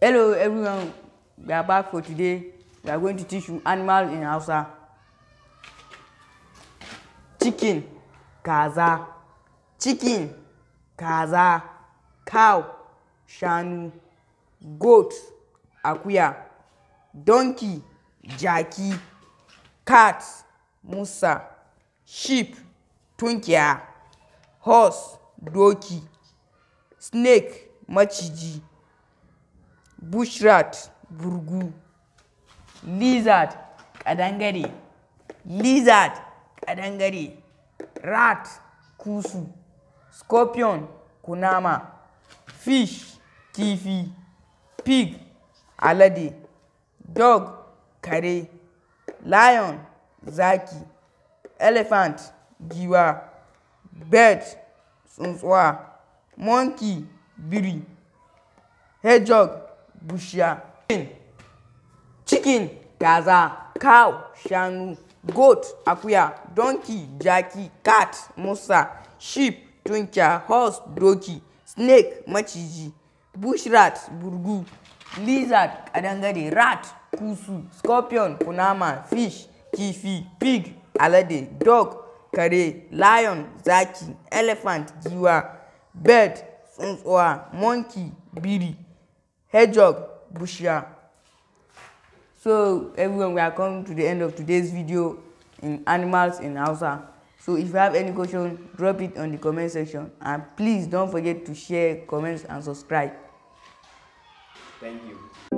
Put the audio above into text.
Hello everyone, we are back for today. We are going to teach you animal in Hausa. Chicken, kaza. Chicken, kaza. Cow, shanu. Goat, akuya. Donkey, jaki. Cat, musa. Sheep, tunkiya. Horse, doki. Snake, maciji. bushrat burgu lizard ƙadangare lizard ƙadangare rat kusu scorpion kunama fish kifi pig alade dog kare lion zaki elephant giwa bird tsuntsuwa monkey biri hedgehog bushiya chicken kaza cow shanu goat akuya donkey jaki cat musa sheep tunkiya horse doki snake maciji bush rat burgu lizard kadangare rat kusu scorpion kunama fish kifi pig alade dog kare lion zaki elephant giwa bird tsuntsuwa monkey biri hedgehog bushra so everyone we are coming to the end of today's video in animals in hausa so if you have any question drop it on the comment section and please don't forget to share comment and subscribe thank you